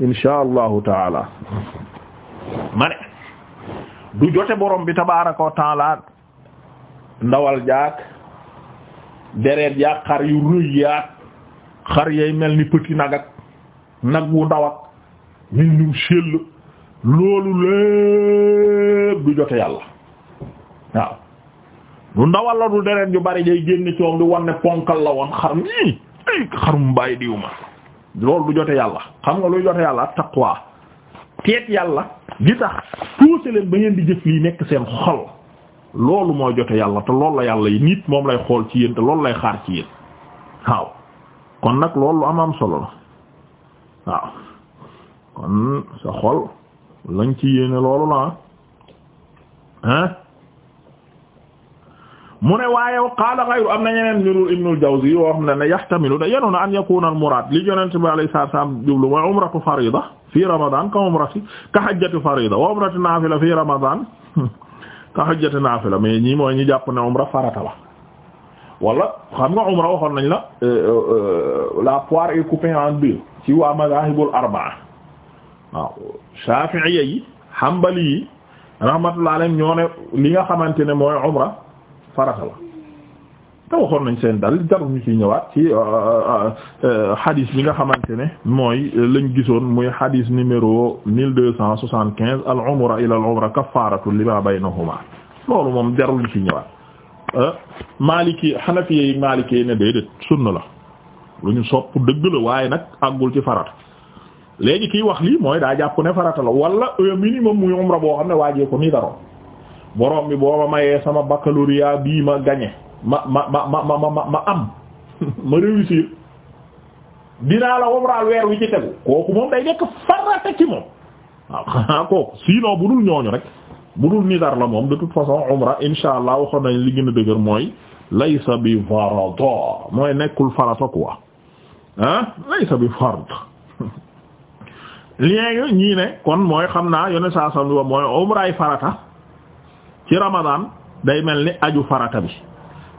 insha allahu taala ma ne du jote borom bi tabaaraka wa taala ndawal jaak deret yaak xar yu rëy yaak xar yay mel ni petit nag nag wu ndaw ak nit ñu sell loolu lépp du jote yàlla waaw du ndawal la du deret yu bari jay génn coom di ponkal la woon xar mii ay xarum bàyyi diw ma loolu du jote yàlla xam nga luy jote yàlla ak taqwa teet yàlla gi tax tuuse leen ba ngeen di jëf lii nekk seen xol loolu moo jote yàlla te loolu la yàlla yi nit moom lay xool ci yéen te loolu lay xaar ci yéen waaw kon nag loolu lu am am solo la waaw kon sa xol lañ ci yéene loolu la ah mu ne waaye qaala ghayru am na ñeneen ñu Ibnul Jawzi yoo xam ne ne yahtamilu da yanuna an yakuna al muraad li Yonent bi alayhi salaam jublu mooy umratu farida fi Ramadan ka umrati ka hajjati farida wa umratu naafila fi Ramadan ka hajjati naafila mais ñii mooy ñi jàpp ne umra farata la wala xam nga umra waxoon nañ la euh, euh, la poire est coupée en deux ci waa madahibul arbaa waaw Shafi'iyyi yi Hanbali yi rahmatullahi alayhim ñoo ne li nga xamante ne mooy umra farata la te waxoon nañ seen dal jarul ñu ci ñëwaat ci hadith euh, euh, euh, bi nga xamante ne mooy lañ gisoon muy hadith numéro mille deux cent soixante quinze al umra ila al umra kaffaratu lima baynahuma loolu moom jarul ñu ci ñëwaat maliki hanafiye yi maliki ne déedéet sunna la lu ñu sopp dëgg la waaye nag àggul ci farata léegi kiy wax lii mooy daa jàpp ne farata la wala minimum muy umra boo xam ne waajee ko nii daroon borom bi boo ma mayee sama baccalauréat bii ma gagné ma ma ma ma ma ma am ma réussir dinaa la womraal weer wi ci tegu kooku moom day nekk farata ci moom kooku sinon bu dul ñooñu rek bu dul ni la moom de toute façon umra insha waxoon nañ li gën a dëgër mooy laysa bi farata mooy nekkul farata quoi ah laysa bi farata lien ñii ne kon mooy xam naa yone saa mooy umraay farata ci ramadan day mel ni aju farata bi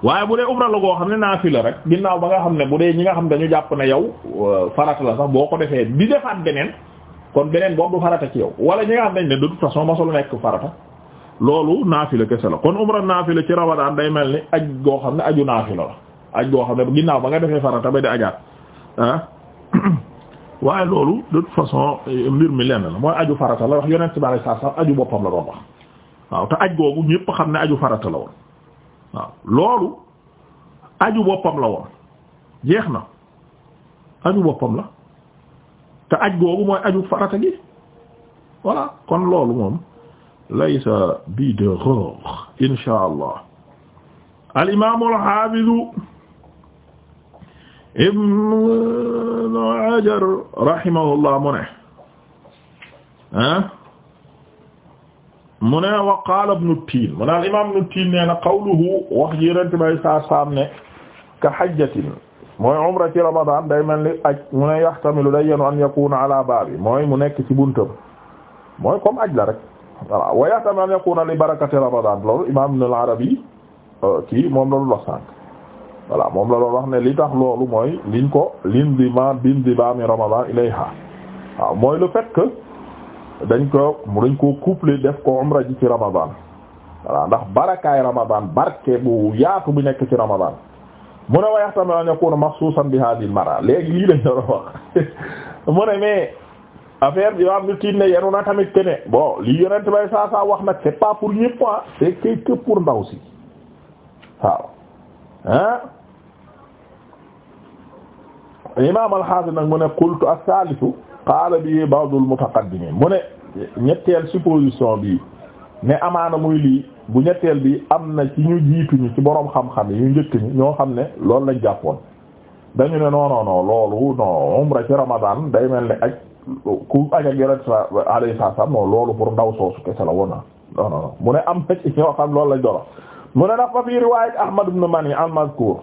waaye bu dee umra la goo xam ne naafila rek ginnaaw ba nga xam ne bu dee ñi nga xam dañu jàpp ne yow euh, farata la sax boo ko defee di defaat beneen kon beneen boobu du farata ci yow wala ñi nga xam dañ ne de toute façon mosul nekk farata loolu naafila kese la kon umra naafila ci ramadan day mel ni aj goo xam ne aju naafila la aj goo xam ne ginnaaw ba nga defee farata ba di ajaat ah waaye loolu de toute façon mbir mi lenn la mooy aju farata la wax yonent bi sallallahu aju boppam la doon waaw te aj googu ñépp xam ne aju farata la woon loolu aju boppam la woon jeex na aju boppam la te aj googu mooy aju farata gi voilà kon loolu moom laysa bi de ror insha allah al imaamu al xaafidu mu ne ah mu ne wa qaala ibnu tiin mu ne al imaam ibnu tiin nee na qawluhu wax ji rent bay saa saam ne ka hajjatin mooy umra ci ramadan day mel ni aj mu ne yaxtamilu day yenu an yakuna ala baabi mooy mu nekk ci buntam mooy comme aj la rek voilà wa yaxtamilu an yakuna li barakati ramadan loolu imaam ibnu al arabi euh, kii moom la doon wax sànq voilà moom la doon wax ne li tax loolu mooy liñ ko lin di ma bin di baami ramadan ilayha waaw mooy le fait que dañ ko mu dañ ko couplé def ko umra ji ci ramadan voilà ndax barakaay ramadan barke bu yaatu bu nekk ci ramadan mu ne wayax tamit an yakuna maxsuusan bi hadhihi mara léegi lii lañ ne mais affaire bi tamit ke ne bon lii yonent bay saa saa wax nag c'est pas pour ñëpp ah c'est que pour ndaw si waaw ah imam al nag mu ne qultu as-salisu qaala bi ba'dul mutaqaddimin mu ne ñetteel supposition bi ne amaana muy lii bu ñetteel bi am na ci ñu jiituñu ci boroom xam-xam yi ñu njëkk ñi ñoo xam ne lool lañ jàppoon dañu ne non loolu non umra ci ramadan day mel ni aj ku aj ak yonent sa alayhi salaam non loolu pour ndaw soosu kese la woon ah. na mu ne am na ñoo xam loolu lañ doon mu ne ndax fa fi riwaayat Ahmad ibn Mani al-mazkur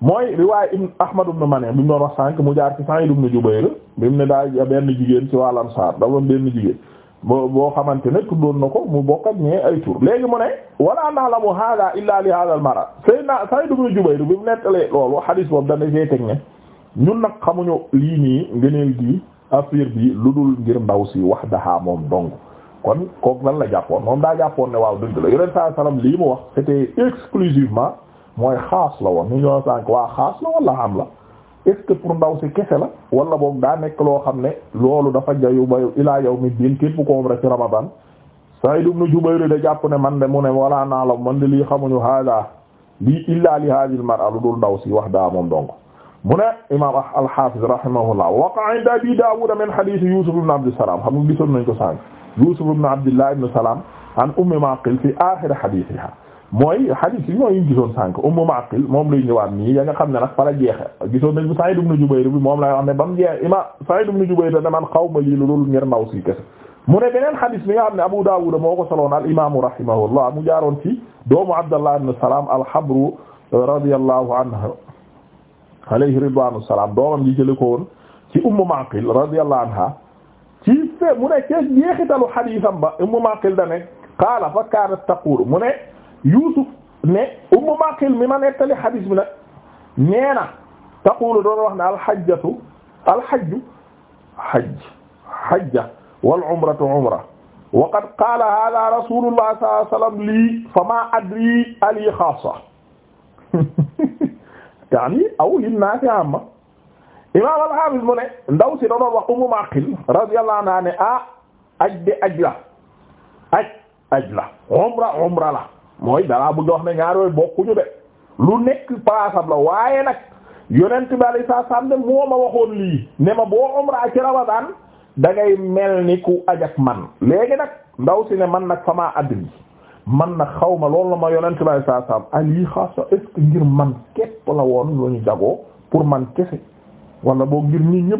mooy riwaay ibn Ahmad ibn Mane bi doon wax sànq mu jaar ci Sa'id ibn Jubayr bi mu ne daa benn jigéen ci waa Ansaar dafa benn jigéen boo boo xamante ne tuddoon na ko mu bokk ak ñee ay tur léegi mu ne wala na'lamu hada illa li hada al mara Seydina Sa'id ibn Jubayr bi mu loolu xadiis boobu dana see teg ne ñun nag xamuñu lii nii ngëneel gi affaire bi lu dul ngir ndaw si wax wahdaha moom dong kon kook lan la jàppoon moom daa jàppoon ne waaw dëgg la yeneen mooy xaas la woon ñu ñoo sànk waa xaas la wala am la est-ce que si kese la wala boog daa nekk loo xam ne loolu dafa jayu ba ilaa yawmi diin képp ko woon rek ci Ramadan Saïd ibn Jubayr da jàpp ne man de mu ne wala naa la man de lii xamuñu hada lii illaa li hadhihi al-mar'a lu dul ndaw si wax daa moom donc mu ne imaam al-Hafiz rahimahullah waqa inda Abi Dawud min hadith Yusuf ibn Abd as-Salam xam nga gisoon nañ ko Salam an Ummi Maqil fi akhir hadithiha mooy hadith yi mooy ñu gisoon sànq Ummu Maqil moom lay ñëwaat nii ya nga xam ne nag fa la jeexe gisoon nañ bu Sa'id bi moom lay wax ne ba mu jeex ima Sa'id ibn xaw ma lii lu dul ngir ndaw si kese mu bi nga xam ne Abu Dawud moo ko soloon al imaamu rahimahullah mu jaaroon ci doomu Abdallah ibn Salam al-Habru radiyallahu anhu alayhi ridwanu salam doomam ji jële ko woon ci Ummu Maqil radiyallahu anha ci fe mu ne ci jeexitalu haditham ba Maqil da ne fa kaanat taqulu Yuusuf ne Ummu Maqil mi ma nettali xadiis bi nag nee na taqulu doon wax ne alxajjatu alxajju xajj xajja wal umratu umra wa qad qaala haaza rasuulullaah sallallaahu alayhi wa sallam lii famaa adrii alii xaassa yaani aw linnaasi aamma imaam al-Haafiz mu ne ndaw si da doon wax Ummu Maqil radiyallaahu anhaa ne ah aj de aj la aj aj la umra umra la mooy dalaa bëgg wax ne ñaar yooyu bokkuñu de lu nekk palaasam la waaye nag yonent bi alay saa saam ne moo ma waxoon lii da ngay mel ni ku ajak man léegi nag ndaw si ne man nag famaa man nag xaw ma la ma yonent bi alay saa ah man képp la woon lu pour man kese wala boo ngir nii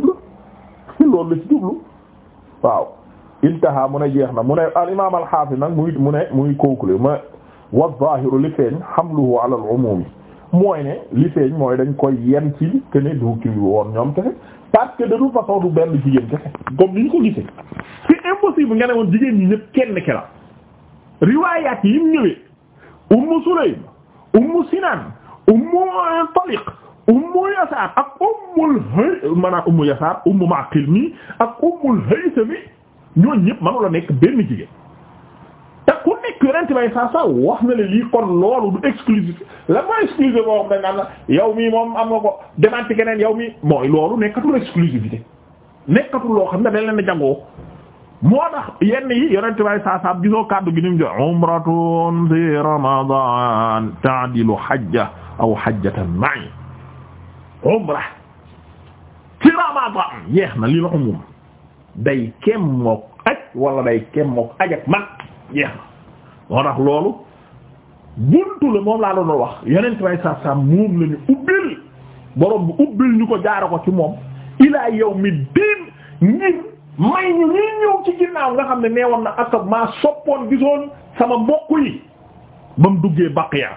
mu ne jeex na mu ne al imaam al xaafis nag muy mu ne muy conclure ma wa zahiru li feeñ hamluhu ala al mooy ne li feeñ mooy dañ koy yem ci que ne du ci woon ñoom kese parce que de toute du benn jigéen kese comme ni ñu ko gisee c'est impossible nga ne woon jigéen ñi ñëpp kenn ki la riwaayaat yi mu ñëwee ummu sulaym ummu sinan ummu taliq ummu yasaar ak ummul hay maanaam ummu yasaar ummu maqil mi ak ummul haythami ñooñu ñëpp mënu la nekk benn jigéen yonent bay saa wax na la lii loolu du exclusif la mooy exclusif boo xam yow mii moom am nga ko demanti keneen yow mi mooy loolu nekkatul exclusivité nekkatul loo xam ne dañ leen a jagoo. moo tax yenn yi yonent bay saa saa gisoo kàddu gi ni mu jox umratun fi ramadan ta'dilu yeex na lii la day kem mook aj wala day kem mook aj ak man yeex na moo tax loolu buntu la moom laa doon wax yonent way sa sa moom la ubbil borom bu ubbil ñu ko jaaro ko ci moom ilaa yawmi diin ngir may ñu ñuy ñëw ci ginnaaw nga xam ne neewoon na ak maa soppoon gisoon sama mbokk yi ba mu duggee baqiya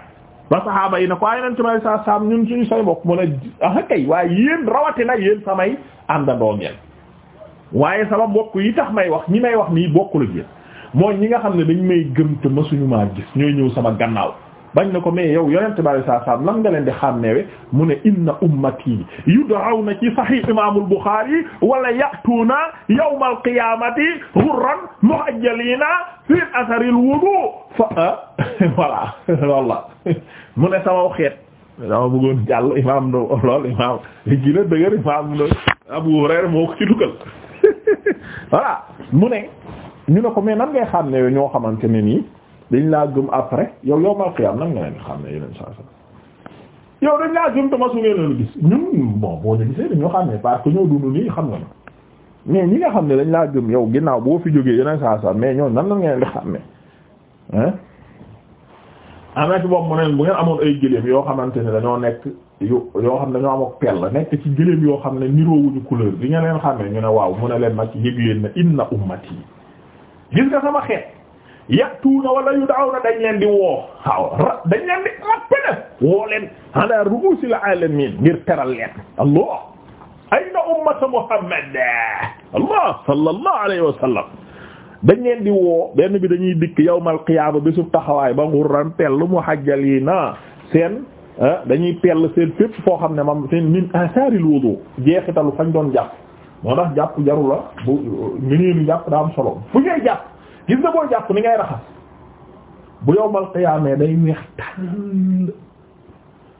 ba saxaaba yi na ko ay yonent way sa sa ñun suñu say mbokk mu ne ah kay waaye yéen rawatina yéen samay àndandoo ngeen waaye sama mbokk yi tax may wax ñi may wax nii bokkul ak yéen mooy ñi nga xam ne dañ may gëm ma suñu maa gis ñooy ñëw sama gannaaw bañ na ko mais yow yonent bi sallallahu alayhi wasallam lan nga leen di xàmmeewe mu ne inna ummati na ci sahih imaamul Bukhari wala ya'tuuna yawmal qiyaamati ghurran muhajjalina fi atharil wudu fa ah, voilà walla mu ne sama xeet dama bëggoon jàll imaam do lool imaam li gi la dëgër imaam Abu Hurayra moo ko ci dugal voilà mu ne ñu ne ko mais nan ngay xam ne yow ñoo xamante ne nii dañ laa gëm après yow yow mal xiyam nan nga leen xam ne yeneen saa yow dañ laa gëm tama su ngeen leen gis xam ne parce que ñoo dund nii xam nga mais ñi xam ne dañ laa gëm yow ginnaaw boo fi jógee yeneen saa mais ñoo nan nan ngeen di xam ne hein amee fi boobu mu ne bu ngeen amoon ay gëléem yoo xamante ne dañoo nekk yu yoo xam ne dañoo am ak pell nekk ci gëléem yoo xam ne niroowuñu couleur bi nga leen xamee ñu ne waaw mu ne leen nag yëg leen na inna ummati gis nga sama xeet yatuuna wala yu daaw leen di woo waaw dañ leen di appelé woo leen ala ru'uusil aalamiin ngir teral leen allah ayna ummata muhammad allah sallallahu alayhi wa sallam dañ leen di woo benn bi dañuy dikk yawmal qiyaama bésub taxawaay ba ngurran pell muhajjaliina seen eh, dañuy pell seen fépp foo xam ne mam min asaaril wudu jeexitalu fañ doon jàpp moo tax jàpp jaru la bu ngëneelu jàpp daa am solo fu ngay jàpp gis nga boo jàpp ni ngay raxas bu yowmal qiyaamee day weex tàll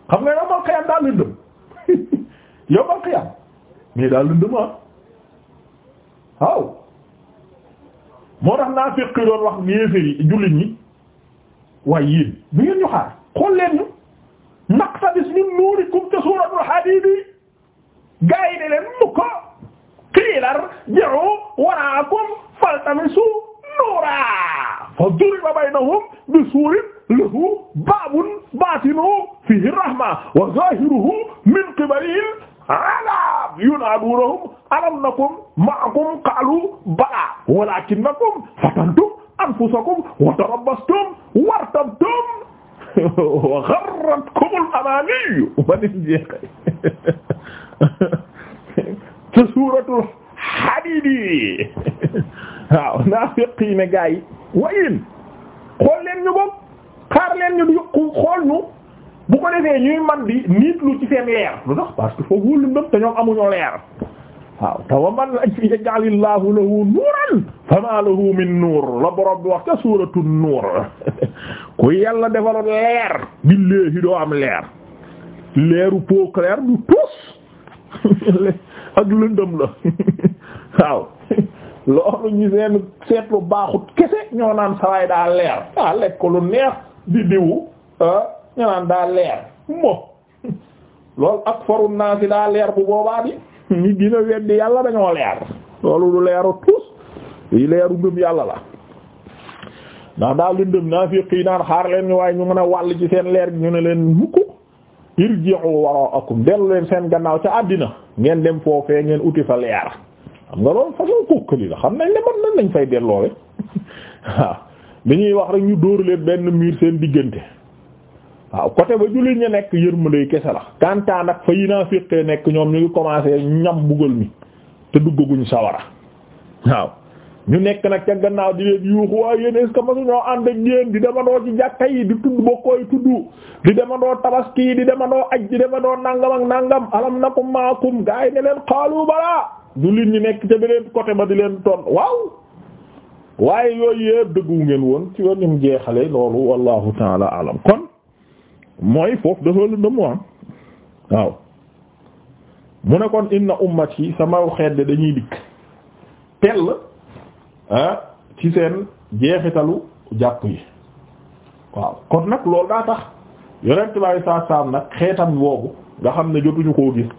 xam nga yowmal qiyaam daa lëndëm yowmal ah. moo tax naa fekk doon wax yéeféer yi jullit ñi waaye yéen bu ngeen xaar xool leen ñu naqtabis min nuurikum te innahum alam nakum ma'akum qaalu balaa walaakinnakum fatantum anfusakum wa tarabbastum wartabtum wa gharratkumul amaaniyyu ba ni jeexee ci suuratul Hadiid waaw naafiq yi ne gaa yi wayin xool leen ñu bopp xaar leen ñu du xool ñu bu ko defee ñuy man di niit lu ci seen leer lu tax parce que foofu wóolu ndëm te ñoom amuñu leer waaw te wa man lam yaj'alillaahu lahu nuuran famaa lahu min nuur la borom wax ca suuratu nuur ku yàlla defaloon leer bi léegi doo am leer leeru peau claire du tous ak lëndëm la waaw loolu ñu seetlu baaxut kese ñoo naan sawaay daa leer ah lekk ko lu neex di diwu ñu naan daa leer mo loolu ak daa leer bu boobaa bi ñu gën a weddi yàlla dañoo leer loolu du leeru tus yi leeru ngëm yàlla la ndax daal lëndëm naa fi yi naan xaar leen ñu waaye ñu mën a wàll ci seen leer ñu ne leen mukk irji'u wara'akum dellu leen seen gannaaw ca àddina ngeen dem foofee ngeen uti fa leer xam nga loolu façon kókkali la xam nañ ne man nan nañ fay delloowe waaw li ñuy wax rek ñu dóor leen benn miir seen diggante waaw côté ba jullit ña nekk yërmande kese la kantaan ak fa yi naa féqee nekk ñoom ñu ngi commencé ñam bugal mi te duggaguñ sawara waaw ñu nekk nag ca gannaaw di leen yuuxu waaye yéen est-ce que masuñoo ànd ak yéen di demandoo ci jàkka yi di tudd bokkoo yi tudd di demandoo tabaski yi di demandoo aj di demandoo nangam ak nangam alam nakum maakum gaa yi ne leen xaalu balaa jullit ñi nekk ca beneen côté ma di leen ton waaw waaye yooyu yëpp dëggu ngeen woon ci yoon mu jeexale loolu wallahu kon mooy foofu dafa lëndëm mu am waaw mu ne kon inna ummati sama xeet de dañuy dikk tell ah ci seen jeexitalu jàpp yi waaw kon nag loolu daa tax yonent bi saa saam nag xeetam boobu nga xam ne jotuñu ko gis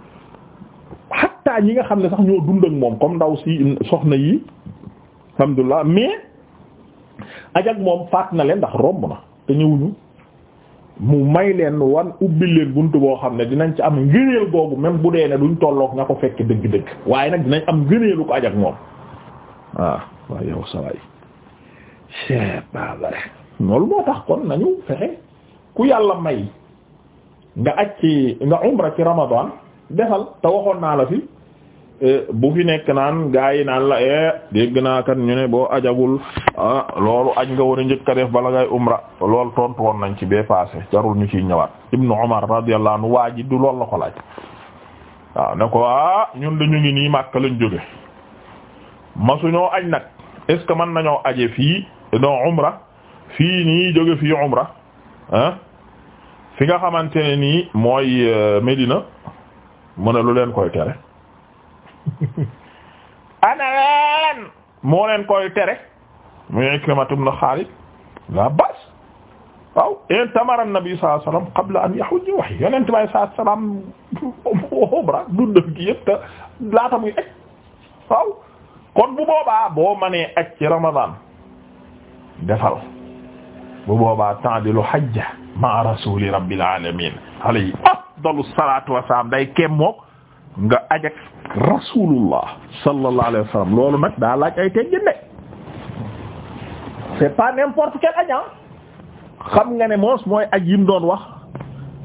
xatta ñi nga xam ne sax ñoo dund ak moom comme ndaw si soxna yi alhamdulilah mais ajak moom faat na leen ndax romb na te ñëwuñu mu may leen wan ubbi leen buntu boo xam ne dinañ ci am ngëneel boobu même bu dee ne duñ tolloog nga ko fekk dëgg-dëgg waaye nag dinañ am ngëneelu ko ajak moom waaw waaye yow sa waay c'est pas vrai moo tax kon nañu fexe ku yàlla may nga aj ci nga umra ci ramadan defal te waxoon naa la fi E, bu fi nekk naan gaa yi naan la e dégg naa kat ñu ne boo ajagul loolu aj nga war a njëkk a def bala ngay umra loolu tontu woon nañ ci bee passé jarul ñu ciy ñëwaat ibnu Umar radiyallahu anhu waa ji du lool la ko laaj waaw ne ko ah ñun dañu ngi nii Makka lañ jóge masuñoo aj nag est ce que mën nañoo aje fii non umra fii nii jóge fii umra ah fi nga xamante ne nii mooy e, Medina mu ne lu leen koy tere ana leen moo leen koy tere muy Ikrimat ibn Khalid la bas waaw in tamara an-nabi sallallahu alayhi wasallam qabla an yahujja wahyi yonent bi sallallahu alayhi wasallam umra dundam gi yëpp te laata muy aj waaw kon bu boobaa boo mënee aj ci Ramadan defal bu boobaa ta'dilu hajja ma'a rasuli rabbil alamin alayhi afdalu salatu wassalam day kem mook nga ajak rasulullah sallallahu alayhi wa sallam loolu nag daa laaj ay teggin de c'est pas n'importe quel ajan ah. xam nga ne moos mooy aj yim doon wax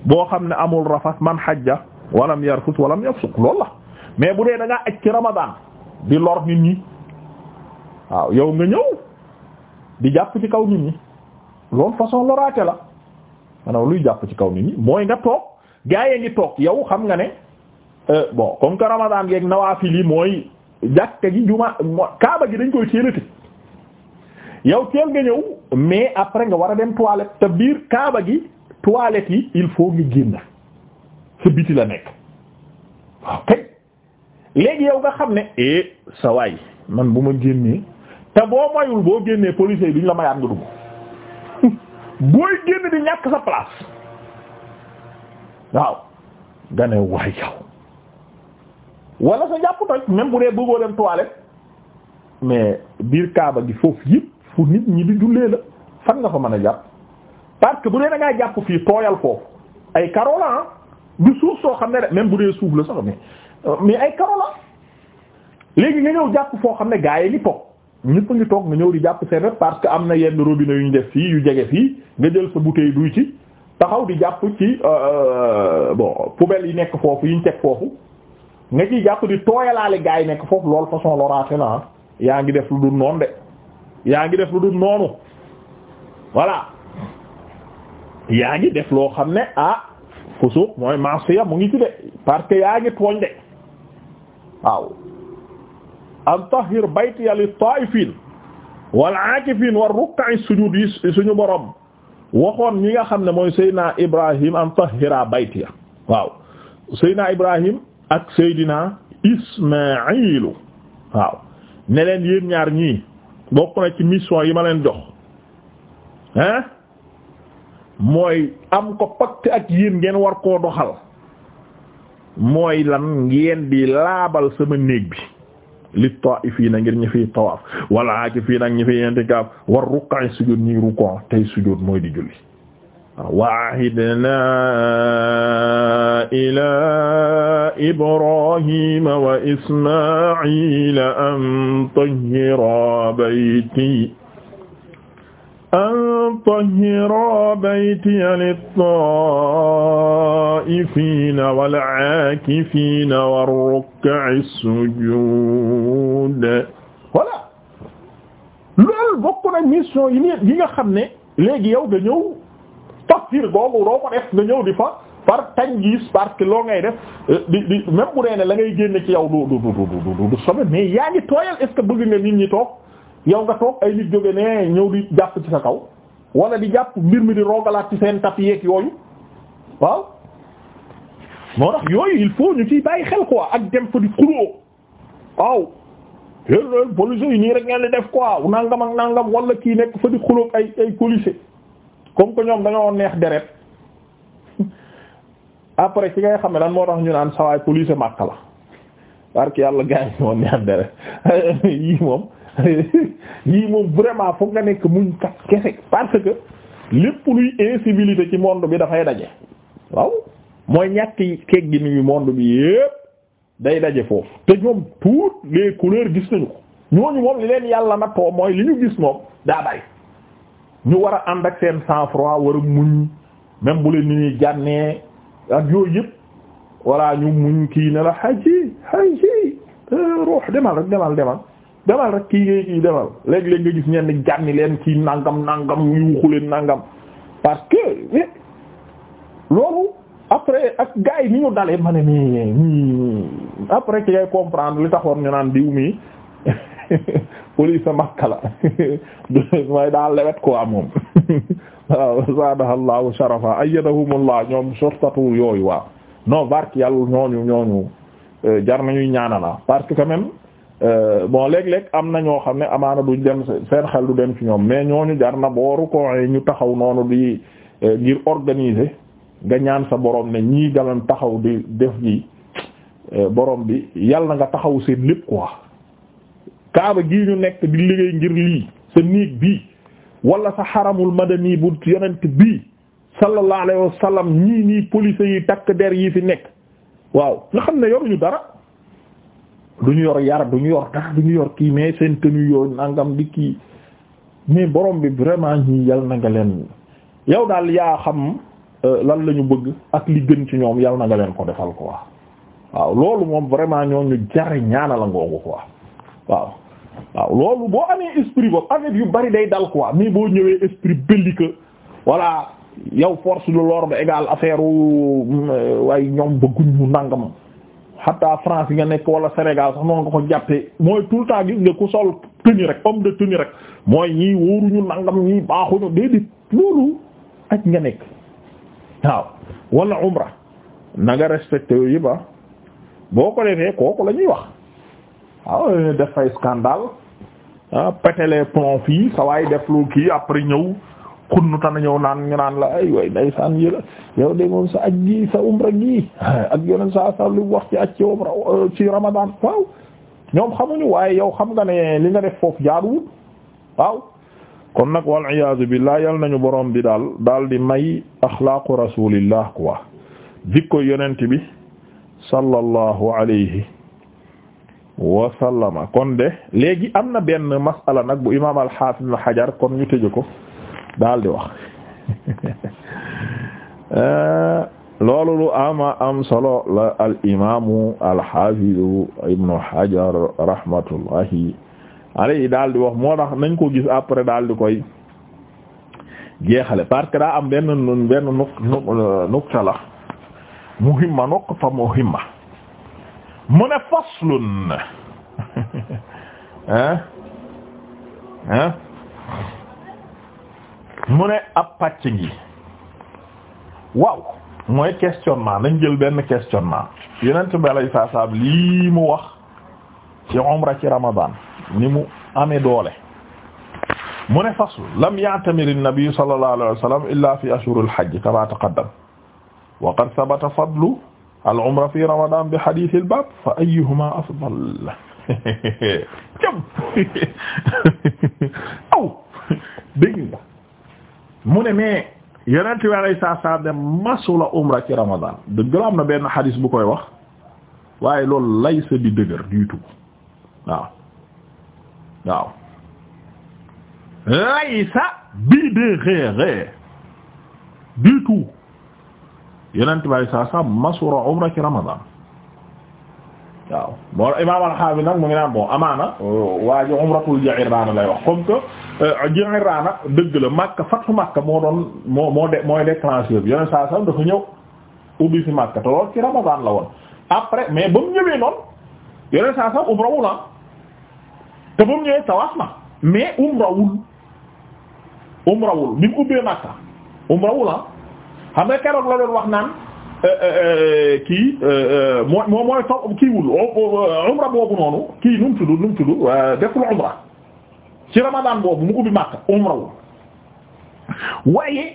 boo xam ne amul rafas man xaj ja walam yarfus walam yafsuq loolu la mais bu dee da ngaa aj ci ramadan di lor nit ñi waaw yow nga ñëw di jàpp ci kaw nit ñi loolu façon loraate la maanaam luy jàpp ci kaw nit ñi mooy nga toog gaa ngi toog yow xam nga ne Euh, bon comme que Ramadan geeg nawaafil yi mooy jàkka gi juma kaaba gi dañ koy teel yow teel nga ñëw mais après nga war a dem toilette te biir kaaba gi toilette yi il faut ngi génn sa biti la nekk waaw kay léegi yow nga xam ne eh sa waay man bu ma génnee te boo mayul boo génnee police bi duñ la mayaat nga dugg booy génn di ñàkk sa place waaw nga ne waay yow. wala sa jàpp toj même bu dee bëggoo dem toilette mais biir kaaba gi foofu yëpp fu nit ñi di jullee la fan nga fa mën a jàpp parce que bu dee da ngaa jàpp fii tooyal foofu ay karo la ah, suuf soo xam ne rek même bu dee suuf la sax mais euh, mais ay karo léegi nga ñëw jàpp foo xam ne gaa yi ngi toog ñëpp ngi toog nga ñëw di jàpp seen parce que am na yenn robinet yu ñu def fii yu jege fii nga jël sa bouteille duy ci taxaw di jàpp ci euh, euh, bon poubelle yi nekk foofu yi ñu teg foofu nga ciy jàpp di tooyalaale gaa yi nekk foofu loolu façon loraate la ah. yaa ngi def lu dul noonu de yaa ngi def lu dul noonu voilà yaa ngi def loo xam ne ah fusuq mooy masiya mu ngi ci de parce que yaa ngi tooñ de waaw an tahir baytiya li taifin wal aakifin war rukka'i sujud yi suñu borom waxoon ñi nga xam ne mooy Seydina Ibrahim an tahira baytiya waaw Seydina Ibrahim ak Seydina Ismaayilu waaw ne leen ñaar ñii bokk na ci mission yi ma leen jox hein mooy am ko pacte ak yéen ngeen war koo doxal mooy lan ngeen di laabal sama néeg bi li na ngir ñi fiy tawaaf wal aakifiina ñi fiy i'tikaaf war rukkaa'i sujuud ñi rukkoo tey sujuud mooy di julli وعهدنا إلى إبراهيم وإسماعيل أن طهرا بيتي أن طهرا بيتي للطائفين والعاكفين والركع السجود voilà loolu bokk na mission yi nga xam ne léegi yow nga ñëw tafsir googu doo ko def nga ñëw di fa par tangis parce que loo ngay def euh, di di même bu dee la ngay génne ci yow du du du du sobe mais yaa ngi tooyal est bëgg nga nit ñi toog yow nga toog ay nit jóge ne ñëw di jàpp ci sa kaw wala di jàpp mbir mi di rogalaat ci seen tapis yeeg yooyu waaw. moo tax yooyu il faut ñu ciy bàyyi xel quoi ak dem fa di xuloo waaw yéen loolu policiers yi nii rek ngeen di def quoi nangam ak nangam wala kii nekk fa di xuloo ay ay policiers. comme que ñoom dañoo neex deret après ci ngay xam ne lan moo tax ñu naan sawaay police Makka la parce que yàlla gars yi ñoo neex deret yii moom yii moom vraiment foog nga nekk muñ kat kese parce que lépp luy incivilité ci monde bi dafay daje waaw mooy ñàkk keeg gi ni monde bi yépp day daje foofu te ñoom toutes les couleurs gis nañu ko ñooñu moom li leen yàlla na too mooy li ñu gis moom daa bari ñu war a ànd ak seen sang-froid war a muñ même bu leen ni ñuy jànnee ak yooyu yëpp walla ñu muñ kii nela la haji euh, ruux demal rek demal demal demal rek kii ngay kii demal léeg-léeg nga gis ñenn jànni leen kii nangam nangam yuuxu leen nangam parce que eh, loolu après ak gars yi ni ñu dalee ma ne nii après ki ngay comprendre li taxoon ñu naan diw mi police sa Makka la mooy daal lewet ko am moom waaw zaadaha Allahu sharafa ayyadahumullah ñoom sortatu yooyu waaw non bark yàlla ñooñu ñooñu euh, jar nañuy ñaanala ah. parce que quand même euh, bon léeg am na ñoo xam ne amaana duñ dem seen xel du dem ci ñoom mais ñooñu jar na booru ko ñu taxaw noonu di euh, ngir organiser nga ñaan sa borom ne ñii galan taxaw di def gi borom bi yàlla nga taxaw seen lépp quoi kaaba gii ñu nekk di liggéey ngir lii sa néeg bii wala sa xaramul madani bu yonent bii sallallahu alayhi wa sallam ñii nii police yi takk der yi fi nekk waaw nga xam ne yoruñu dara ñu yor yar du duñu yor dara duñu yor kii mais seen tenue yooyu nangam di kii mais borom bi vraiment ñii yal na nga leen yow daal yaa xam euh, lan lañu bëgg ak li gën ci ñoom yal na nga leen ko defal ko waaw loolu moom vraiment ñoo ñu jar ñaanal a ngoogu waaw waaw loolu boo amee esprit boobu affaire yu bari day dal waa mais boo ñëwee esprit belliqueux voilà yow force de l'ordre égal affaire euh, waaye ñoom bëgguñ mu nangam xataa France nga nekk wala Sénégal sax noonu nga ko jàppee mooy tout le temps gis nga ku sol tenue rek homme de tenue rek mooy ñii wóoruñu nangam ñii baaxuñu déedéet loolu ak nga nekk waaw wala umra na nga respecté yooyu yëpp ah. boo ko defee kooku la ñuy wax. waaw ñu def fay scandale ah pétale plomb fii sa waay def lu kii après ñëw xunnu tana ñëw naan ñu naan la ay way ndeysaan yi la yow de moom sa aj gi sa umra gi ak yoneen sa sa wax ci aj ci umra euh, ci ramadan waaw ñoom xamuñu waaye yow xam nga ne li nga def foofu jaaruwul waaw kon nag wal iyaazu billah yal nañu borom bi daal daal di may axlaaqu rasulillah quoi jikko yonent bi sallallahu alayhi wasallama kon de léegi am na benn masala nag bu imaam al-Hafiz Ibn Hajar kon ñu tëj ko daal di wax eh, loolu ama am solo la al imaamu al-Hafiz Ibn Hajar rahmatullahi alayhi daal wax moo tax nañ ko gis après daal di koy jeexale parce que am benn benn nuk nuk euh, nukta la muhimma nuqta muhimma mu ne faslun ah ah mu ne ab pàcc ngi waaw mooy questionnement dañ jël benn questionnement yenent balay saa saab lii mu wax ci umra ci ramadan ni mu amee doole mu ne faslu lam ya'tamir an-nabi sallallahu alayhi wa sallam illa fi ashhuril hajj kama taqaddam wa qad thabata fadlu al umra fi ramadan bi hadith al bab fa ayyuhuma afdal jam aw dégg mu ne mais yeneen tubaab yi saa saa dem masula umra ci ramadan dëgg la am na benn xadis bu koy wax waaye loolu lay sa di dëgër du tout waaw waaw lay sa bi dëgër du tout yeneen tubaab yi saa saa masura umra ci Ramadan waaw moo imaam al mu ngi naan amaana euh, waa ji umratul Ji'irraana lay wax comme que euh, Ji'irraana dëgg la Makka fatu Makka moo doon moo de mooy déclencheur bi yeneen saa saa dafa ñëw ubbi fi Makka te loolu ci Ramadan la woon. après mais ba mu ñëwee noonu yeneen saa saa umra wul ah. te ba mu ñëwee tawaaf na mais umra wul umra wul bi mu ubbee Makka umra wul ah. xam nga keroog la doon wax naan euh, euh, euh, kii mooy moom mooy taw kiiwul umra boobu noonu kii nu mu tudd nu mu deful umra ci ramadan boobu mu ubbi Makka umra waaye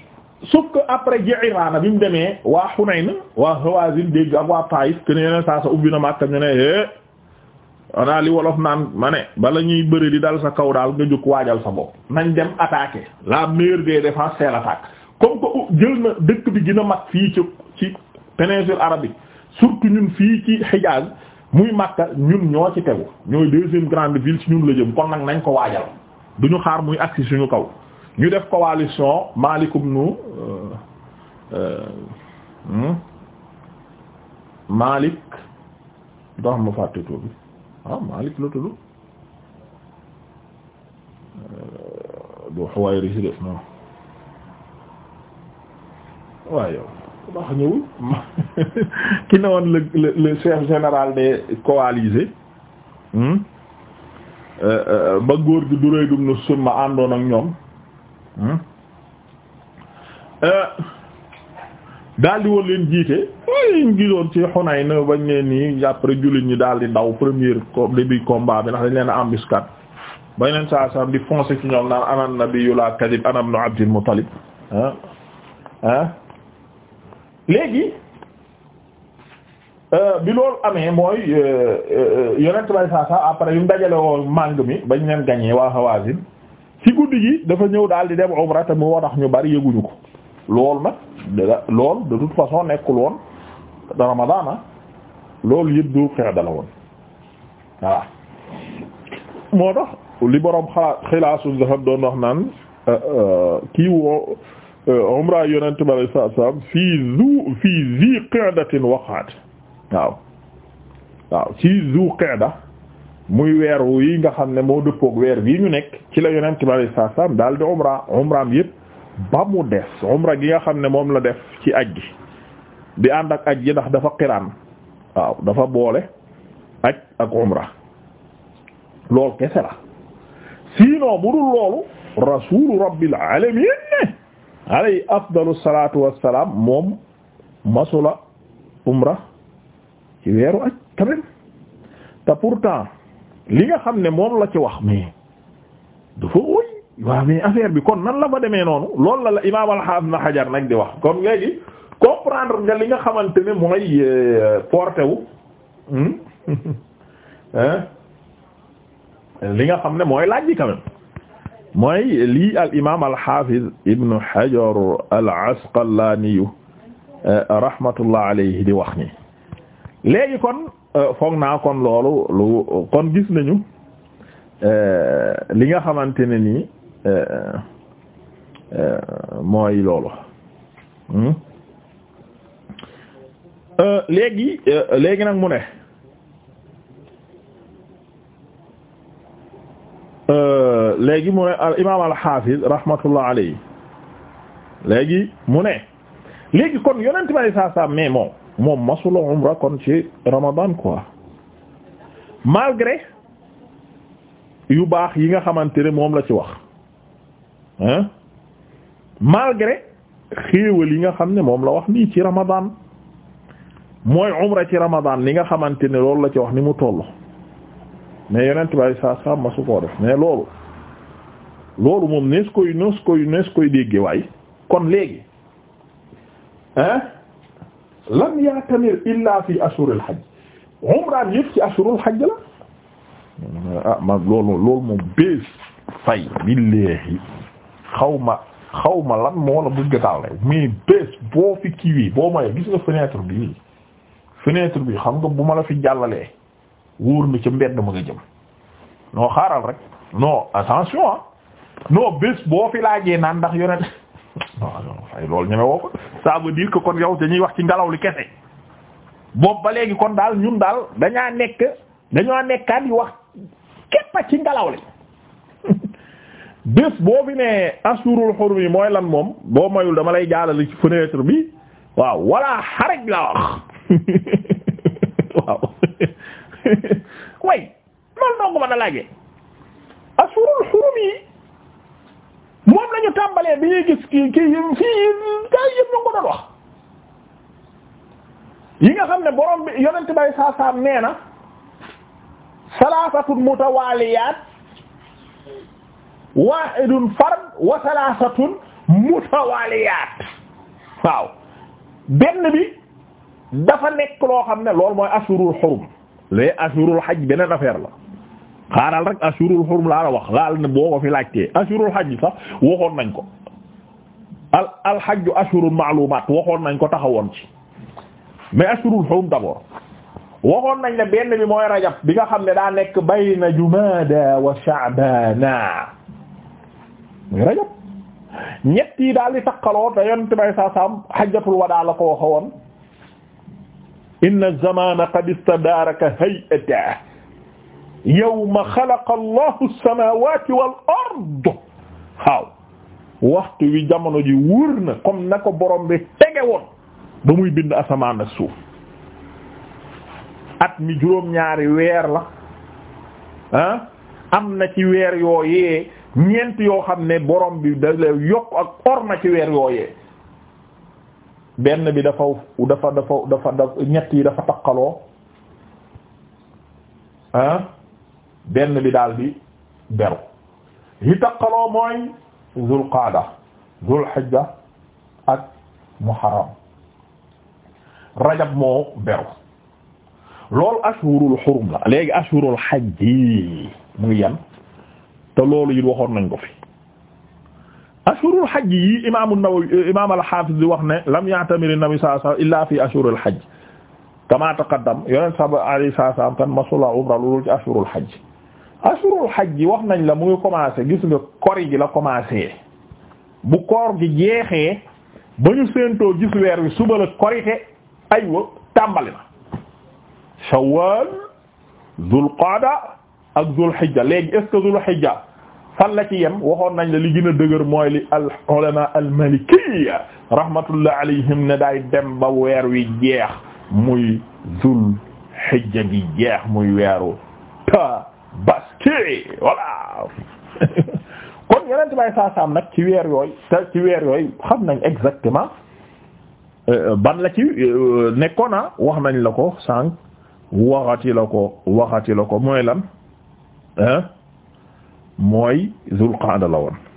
sauf que après Ji'rana bi mu demee waa Hunayn waa Hawazin dégg ak waa Taïf que ne saa sa ubbi na Makka ñu ne xanaa li wolof naan ma ne bala ñuy bëri di dal sa kaw daal nga jóg waajal sa bopp nañ dem attaquer la meilleure des défenses c'est l'attaque comme que jël na dëkk bi gina a mag fii ci ci péninsule arabique surtout ñun fii ci Hijaz muy Makka ñun ñoo ci tegu ñooy deuxième grande ville ci ñun la jëm kon nag nañ ko waajal duñu xaar muy agsi suñu kaw ñu def coalition malikum nu euh, euh, hmm? Malik dox ma fàtte tur bi ah Malik la tudd euh, du Huwayris def non waaw yow wax ñëwul ki ne woon le le chef général des coalisés hmm? euh, euh, ba góor gi du rëy dum summa àndoon ak ñoom hmm? euh, daal di woon leen jiite ñu gisoon ci Hunayn bañ leen nii après jullit ñi daal di daw premier début combat bi ndax dañ leen a embuscade bañ leen saa saa di foncer ci ñoom naan ana nabiyyu la kadib ana ibn Abdil Muttalib ah ah léegi euh, bi loolu amee mooy euh, euh, yonent bay saa saa après yu mu dajale woon màng mi bañ leen gañee waa ci guddi gi dafa ñëw daal di dem umra te mu woo tax ñu bari yëguñu ko lool nag da de toute façon nekkul woon Ramadaan ah. loolu yëpp du xeex dala woon moo tax li borom xalaat xilaasu zahab doon wax naan kii woo Euh, umra yonent fii zu fii zi waaw waaw ci zu qi'da muy weer yi nga xam ne moo dëppook weer bii ñu nekk ci la yonent bi alayhi salaatu wa salaam daal di umra umraam yëpp ba mu des umra gi nga xam ne moom la def ci aj gi bi ànd ak aj ndax dafa qiraan waaw dafa boole aj ak umra loolu kese la sinon bu dul loolu rasuulu rabbil aalamiin alayhi afdalu salatu salaam moom masula umra ci weeru aj quand te pourtant li nga xam ne moom la ci wax mais dafa óoy waaw mais affaire bi kon nan la fa demee noonu loolu la la imam al na Hajar nag di wax kon léegi comprendre nga li nga xamante ne mooy euh, porté wu hmm? li nga xam ne mooy laaj bi quand mooy lii al imaam al xaafiz ibn Hajar al Asqalaaniyu eh, rahmatullah alayhi di wax ni léegi kon eh, foog naa kon loolu lu kon gis nañu eh, li nga xamante ne nii mooy loolu hmm? léegi léegi nag mu ne Euh, léegi mu ne al imaam al xaafiz rahmatullah alayhi léegi mu ne léegi kon yonent bi saa saa mais moom moom masula umra kon ci Ramadan quoi malgré yu baax yi nga xamante ne moom la ci wax hein malgré xéewal yi nga xam ne moom la wax nii ci Ramadan mooy umra ci Ramadan li nga xamante ne loolu la ci wax ni mu tollu mais yeneen tubaab yi saa saa ma su koo def mais loolu loolu moom nees koy nees koy nees koy déggee waaye kon léegi ah lam ya'tamir illa fi ashuril hajj umraan yëpp ci ashurul hajj la ah, man loolu loolu moom bées fay billahi xaw ma xaw ma lan moo la bëgg daal rek mais bés boo fi kiiwee boo mayee gis nga fenêtre bi fenêtre bi xam nga bu ma la fi jàllalee wóor na ca mbedd ma nga jëm non xaaral rek non attention ah bés boo fi laajee naan ndax yonent non fay loolu ñeme ko ça veut dire kon yow dañuy wax ci ngelaw li kese boobu ba léegi kon daal ñun daal dañaa nekk dañoo nekkaat yi wax képp ci ngelaw li bés boo fi ne asurul xurum yi mooy lan moom boo mayul dama lay jaalale ci fenêtre bi waaw walla xarit la wax waaw way loolu dong da laajee asurul xurum yi moom lañu tàmbalee bi ñuy gis kii kii fii gaa yëpp ñu wax yi nga xam ne borom bi yonent bay saa saa nee na salaasatun mutawaaliyaat waahidun fard wa salaasatun mutawaaliyaat waaw benn bi dafa nekk loo xam ne loolu mooy asurul xurum les assurul xaj beneen affaire la xaaral rek assurul xurum laa la wax laal ne boo ko fi laajtee assurul xaj sax waxoon nañ ko al al xajju assurul maalumaat waxoon nañ ko taxawoon ci mais assurul xurum d'abord waxoon nañ ne benn bi mooy rajab bi nga xam ne daa nekk bayna jumaada wa sha'baana muy rajab ñett daal di takkaloo te yonent bay saa saam xajjatul wadaa la ko waxoon inna zamana qad istadaraka hay'atahu yawma xalaqa allahu as-samawati wal ard waaw waxtu wi jamono ji wóor na comme na ko borom bi tege woon ba muy bind asamaan ak suuf at mi juróom-ñaari weer la ah am na ci weer yooyee ñeent yoo xam ne borom bi da la yokk ak or na ci weer yooyee benn bi dafa dafa dafa dafa dafa ñett yi dafa takkaloo ah benn bi daal di beru yi takkaloo mooy zul qaada zul hijja ak muharram rajab moo beru loolu ashurul xurum la léegi ashurul hajj yi mu ngi yan te loolu it waxoon nañ ko fi ashurul hajj yi imaam euh, al-Hafiz di wax ne lam ya'tamir an-nabi sallallahu alayhi wa sallam kama taqaddam yonent sab ashurul hajj ashurul hajj wax nañ la mu ngi commencé gis kori gi la commencé bu koor gi jeexee ba ñu séentoo gis suba la korite aywa tàmbali na shawwal dhul qaada ak dhul hijja léegi est-ce que fan la ci yem waxoon nañ la li gën a dëgër mooy li al ulama al malikiyya rahmatullah alayhim ne daay dem ba weer wi jeex muy zul xijja gi jeex muy weeru tabaski voilà kon yeneen bay saasaam nag ci weer yooyu te ci weer yooy xam nañ exactement euh, ban la ci euh, nekkoon na wax nañ la ko sànq waxati la ko waxati la ko mooy lan ah mooy Zulqaada la woon